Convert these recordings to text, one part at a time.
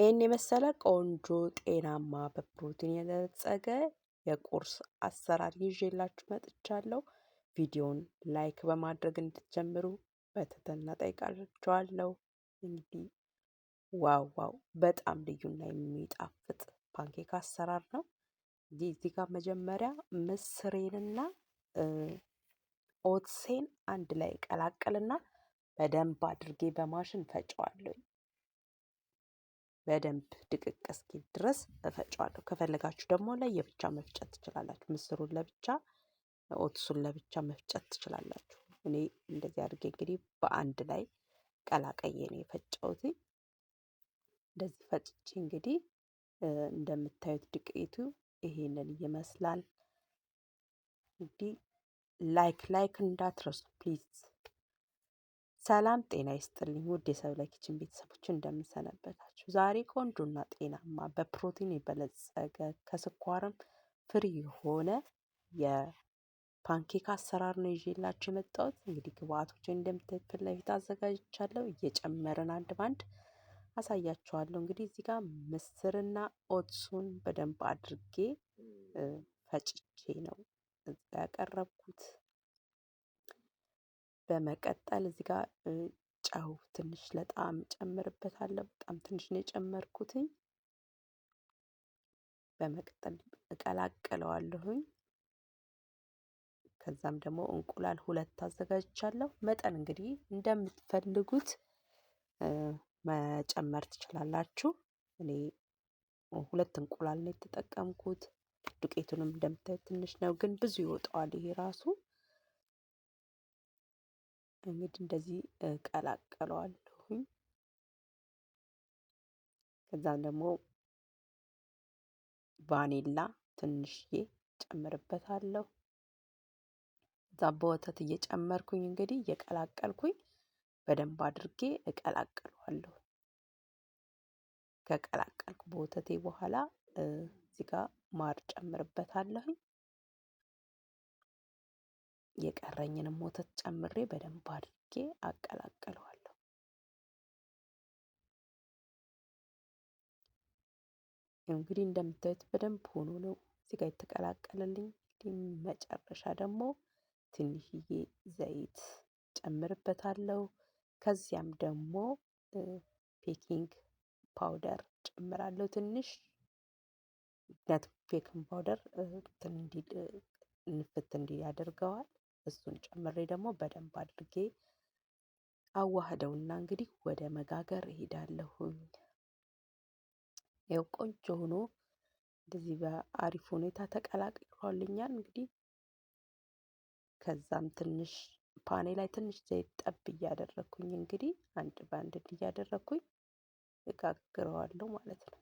ይህን የመሰለ ቆንጆ ጤናማ በፕሮቲን የበለጸገ የቁርስ አሰራር ይዤላችሁ መጥቻለሁ። ቪዲዮን ላይክ በማድረግ እንድትጀምሩ በትህትና ጠይቃችኋለሁ። እንግዲህ ዋው ዋው በጣም ልዩና የሚጣፍጥ ፓንኬክ አሰራር ነው። እዚህ ጋር መጀመሪያ ምስሬንና ኦትሴን አንድ ላይ ቀላቀልና በደንብ አድርጌ በማሽን ፈጨዋለሁ። በደንብ ድቅቅ እስኪል ድረስ እፈጨዋለሁ። ከፈለጋችሁ ደግሞ ለየብቻ መፍጨት ትችላላችሁ። ምስሩን ለብቻ ኦትሱን ለብቻ መፍጨት ትችላላችሁ። እኔ እንደዚህ አድርጌ እንግዲህ በአንድ ላይ ቀላቀዬ ነው የፈጨሁት። እንደዚህ ፈጭቼ እንግዲህ እንደምታዩት ዱቄቱ ይሄንን ይመስላል። እንግዲህ ላይክ ላይክ እንዳትረሱ ፕሊዝ ሰላም ጤና ይስጥልኝ ውድ የሰብለ ኪችን ቤተሰቦች እንደምንሰነበታችሁ። ዛሬ ቆንጆና ጤናማ በፕሮቲን የበለጸገ ከስኳርም ፍሪ የሆነ የፓንኬክ አሰራር ነው ይዤላችሁ የመጣሁት። እንግዲህ ግብአቶች እንደምታዩት ፊት ለፊት አዘጋጅቻለሁ። እየጨመርን አንድ ባንድ አሳያችኋለሁ። እንግዲህ እዚህ ጋር ምስርና ኦትሱን በደንብ አድርጌ ፈጭቼ ነው ያቀረብኩት። በመቀጠል እዚህ ጋር ጨው ትንሽ ለጣዕም ጨምርበታለሁ። በጣም ትንሽ ነው የጨመርኩትኝ። በመቀጠል እቀላቅለዋለሁኝ። ከዛም ደግሞ እንቁላል ሁለት አዘጋጅቻለሁ። መጠን እንግዲህ እንደምትፈልጉት መጨመር ትችላላችሁ። እኔ ሁለት እንቁላል ነው የተጠቀምኩት። ዱቄቱንም እንደምታዩት ትንሽ ነው፣ ግን ብዙ ይወጣዋል ይሄ ራሱ እንግዲህ እንደዚህ እቀላቀለዋለሁኝ። ከዛም ደግሞ ቫኔላ ትንሽዬ ጨምርበታለሁ። እዛ በወተት እየጨመርኩኝ እንግዲህ እየቀላቀልኩኝ በደንብ አድርጌ እቀላቀለዋለሁ። ከቀላቀልኩ በወተቴ በኋላ እዚህ ጋር ማር ጨምርበታለሁኝ። የቀረኝንም ወተት ጨምሬ በደንብ አድርጌ አቀላቅለዋለሁ። እንግዲህ እንደምታዩት በደንብ ሆኖ ነው እዚህ ጋር የተቀላቀለልኝ። መጨረሻ ደግሞ ትንሽዬ ዘይት ጨምርበታለሁ። ከዚያም ደግሞ ቤኪንግ ፓውደር ጨምራለሁ ትንሽ ምክንያቱም ቤኪንግ ፓውደር እንዲል እንፍት እንዲል ያደርገዋል። እሱን ጨምሬ ደግሞ በደንብ አድርጌ አዋህደውና እንግዲህ ወደ መጋገር እሄዳለሁኝ። ያው ቆንጆ ሆኖ እንደዚህ በአሪፍ ሁኔታ ተቀላቅሏልኛል። እንግዲህ ከዛም ትንሽ ፓኔ ላይ ትንሽ ዘይት ጠብ እያደረግኩኝ እንግዲህ አንድ በአንድ እያደረግኩኝ እጋግረዋለሁ ማለት ነው።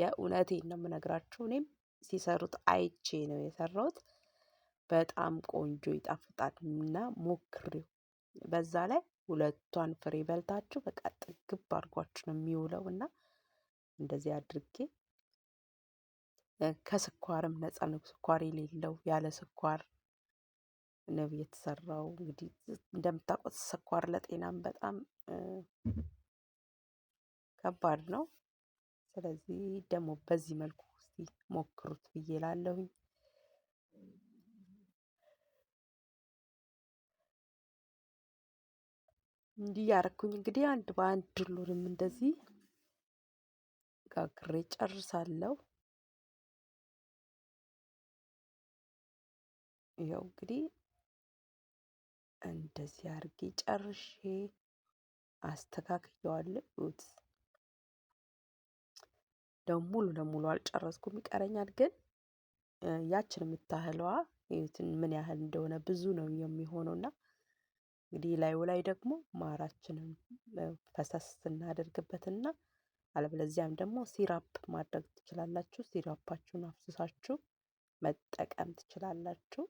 የእውነቴን ነው የምነግራችሁ እኔም ሲሰሩት አይቼ ነው የሰራሁት። በጣም ቆንጆ ይጣፍጣል እና ሞክሪው። በዛ ላይ ሁለቷን ፍሬ በልታችሁ በቃ ጥግብ አድርጓችሁ ነው የሚውለው እና እንደዚህ አድርጌ ከስኳርም ነጻ ነው። ስኳር የሌለው ያለ ስኳር ነው የተሰራው። እንግዲህ እንደምታውቁት ስኳር ለጤናም በጣም ከባድ ነው። ስለዚህ ደግሞ በዚህ መልኩ ሞክሩት ብዬ እላለሁኝ። እንዲህ ያረኩኝ እንግዲህ አንድ በአንድ ሁሉንም እንደዚህ ጋግሬ ጨርሳለሁ። ይኸው እንግዲህ እንደዚህ አድርጌ ጨርሼ አስተካክየዋለሁ። ደግሞ ሙሉ ለሙሉ አልጨረስኩም ይቀረኛል ግን ያችን የምታህለዋ ምን ያህል እንደሆነ ብዙ ነው የሚሆነው። እና እንግዲህ ላዩ ላይ ደግሞ ማራችንን ፈሰስ ስናደርግበትና አለበለዚያም ደግሞ ሲራፕ ማድረግ ትችላላችሁ ሲራፓችሁን አፍስሳችሁ መጠቀም ትችላላችሁ።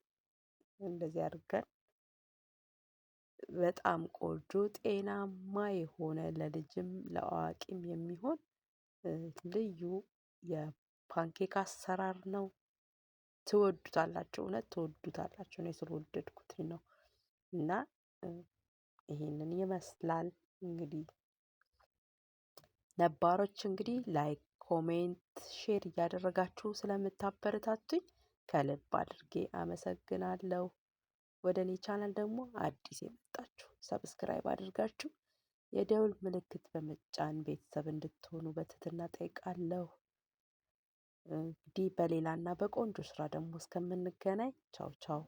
እንደዚህ አድርገን በጣም ቆጆ ጤናማ የሆነ ለልጅም ለአዋቂም የሚሆን ልዩ የፓንኬክ አሰራር ነው። ትወዱታላችሁ፣ እውነት ትወዱታላችሁ። እኔ ስለወደድኩት ነው። እና ይሄንን ይመስላል እንግዲህ ነባሮች እንግዲህ ላይክ፣ ኮሜንት፣ ሼር እያደረጋችሁ ስለምታበረታቱኝ ከልብ አድርጌ አመሰግናለሁ። ወደ እኔ ቻናል ደግሞ አዲስ የመጣችሁ ሰብስክራይብ አድርጋችሁ የደውል ምልክት በመጫን ቤተሰብ እንድትሆኑ በትህትና ጠይቃለሁ እንግዲህ በሌላና በቆንጆ ስራ ደግሞ እስከምንገናኝ ቻው ቻው